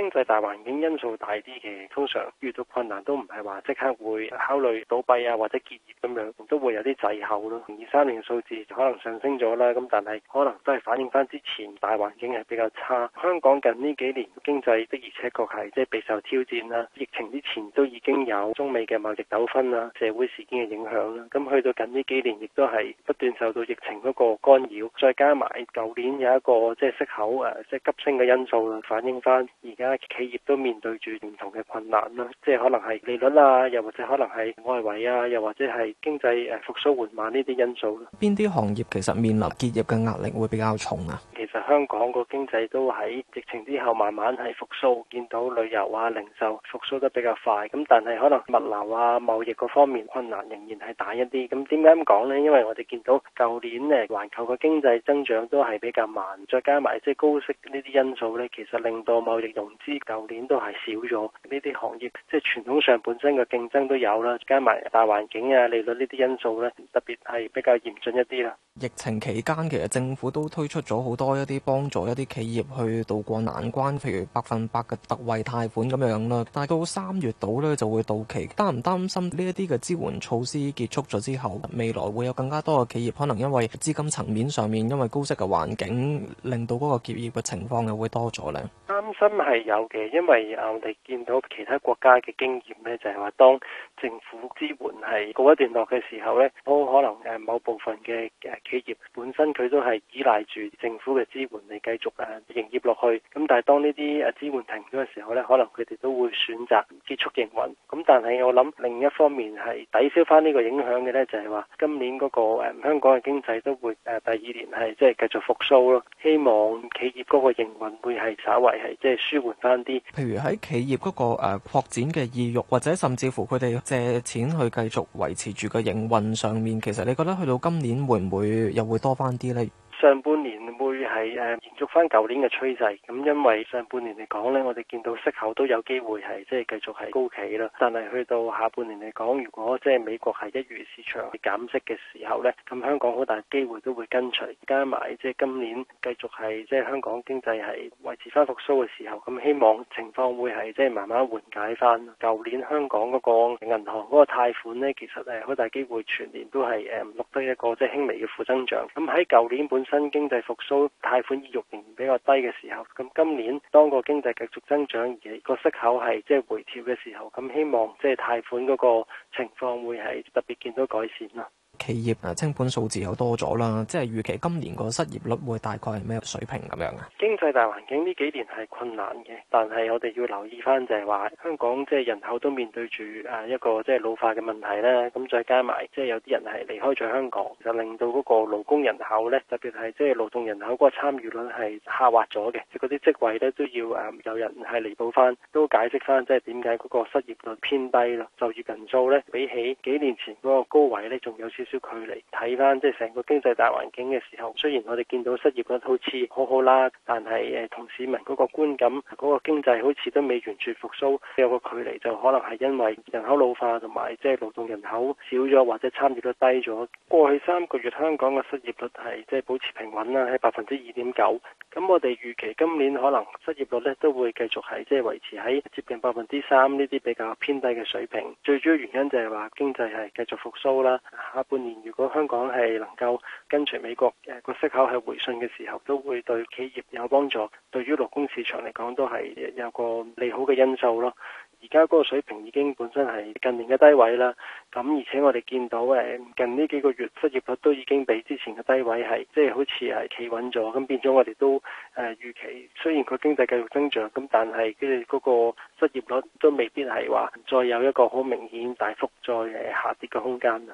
經濟大環境因素大啲嘅，通常遇到困難都唔係話即刻會考慮倒閉啊或者結業咁樣，都會有啲滯後咯。二三年嘅數字可能上升咗啦，咁但係可能都係反映翻之前大環境係比較差。香港近呢幾年經濟的而且確係即係備受挑戰啦。疫情之前都已經有中美嘅貿易糾紛啦、社會事件嘅影響啦。咁去到近呢幾年，亦都係不斷受到疫情嗰個干擾，再加埋舊年有一個即係息口啊即係急升嘅因素反映翻而家。企業都面對住唔同嘅困難啦，即係可能係利率啊，又或者可能係外圍啊，又或者係經濟誒復甦緩慢，呢啲因素。邊啲行業其實面臨結業嘅壓力會比較重啊？其實香港個經濟都喺疫情之後慢慢係復甦，見到旅遊啊、零售復甦得比較快。咁但係可能物流啊、貿易嗰方面困難仍然係大一啲。咁點解咁講呢？因為我哋見到舊年咧，環球個經濟增長都係比較慢，再加埋即係高息呢啲因素呢，其實令到貿易融資舊年都係少咗。呢啲行業即係、就是、傳統上本身嘅競爭都有啦，加埋大環境啊、利率呢啲因素呢，特別係比較嚴峻一啲啦。疫情期間其實政府都推出咗好多，一啲幫助一啲企業去渡過難關，譬如百分百嘅特惠貸款咁樣啦。但係到三月度咧，就會到期。擔唔擔心呢一啲嘅支援措施結束咗之後未來會有更加多嘅企業可能因為資金層面上面，因為高息嘅環境，令到嗰個結業嘅情況又會多咗咧？擔心係有嘅，因為啊，我哋見到其他國家嘅經驗咧，就係話當政府支援係告一段落嘅時候咧，都可能誒某部分嘅誒企業本身佢都係依賴住政府嘅。支援你繼續誒營業落去，咁但係當呢啲誒支援停咗嘅時候呢，可能佢哋都會選擇結束營運。咁但係我諗另一方面係抵消翻呢個影響嘅呢，就係話今年嗰個香港嘅經濟都會誒第二年係即係繼續復甦咯。希望企業嗰個營運會係稍微係即係舒緩翻啲。譬如喺企業嗰個誒擴展嘅意欲，或者甚至乎佢哋借錢去繼續維持住嘅營運上面，其實你覺得去到今年會唔會又會多翻啲呢？上半年會係誒、呃、延續翻舊年嘅趨勢，咁、嗯、因為上半年嚟講呢，我哋見到息口都有機會係即係繼續係高企咯。但係去到下半年嚟講，如果即係美國係一月市場去減息嘅時候呢，咁、嗯、香港好大機會都會跟隨，加埋即係今年繼續係即係香港經濟係維持翻復甦嘅時候，咁、嗯、希望情況會係即係慢慢緩解翻。舊年香港嗰個銀行嗰個貸款呢，其實係好大機會全年都係誒錄得一個即係輕微嘅負增長。咁喺舊年本身新經濟復甦，貸款意欲仍然比較低嘅時候，咁今年當個經濟繼續增長，而個息口係即係回調嘅時候，咁希望即係貸款嗰個情況會係特別見到改善咯。企業清盤數字又多咗啦，即係預期今年個失業率會大概係咩水平咁樣啊？經濟大環境呢幾年係困難嘅，但係我哋要留意翻就係話香港即係人口都面對住誒一個即係老化嘅問題咧，咁再加埋即係有啲人係離開咗香港，就令到嗰個勞工人口咧，特別係即係勞動人口嗰個參與率係下滑咗嘅，即嗰啲職位咧都要誒有人係彌補翻，都解釋翻即係點解嗰個失業率偏低啦，就業人數咧比起幾年前嗰個高位咧仲有少少。少距離睇翻即係成個經濟大環境嘅時候，雖然我哋見到失業率好似好好啦，但係誒同市民嗰個觀感、嗰個經濟好似都未完全復甦，有個距離就可能係因為人口老化同埋即係勞動人口少咗或者參與率低咗。過去三個月香港嘅失業率係即係保持平穩啦，喺百分之二點九。咁我哋預期今年可能失業率呢都會繼續係即係維持喺接近百分之三呢啲比較偏低嘅水平。最主要原因就係話經濟係繼續復甦啦，啊近年如果香港係能夠跟隨美國誒個息口係回順嘅時候，都會對企業有幫助，對於勞工市場嚟講都係有個利好嘅因素咯。而家嗰個水平已經本身係近年嘅低位啦。咁而且我哋見到誒近呢幾個月失業率都已經比之前嘅低位係即係好似係企穩咗，咁變咗我哋都誒預期，雖然佢經濟繼續增長，咁但係跟住嗰個失業率都未必係話再有一個好明顯大幅再誒下跌嘅空間。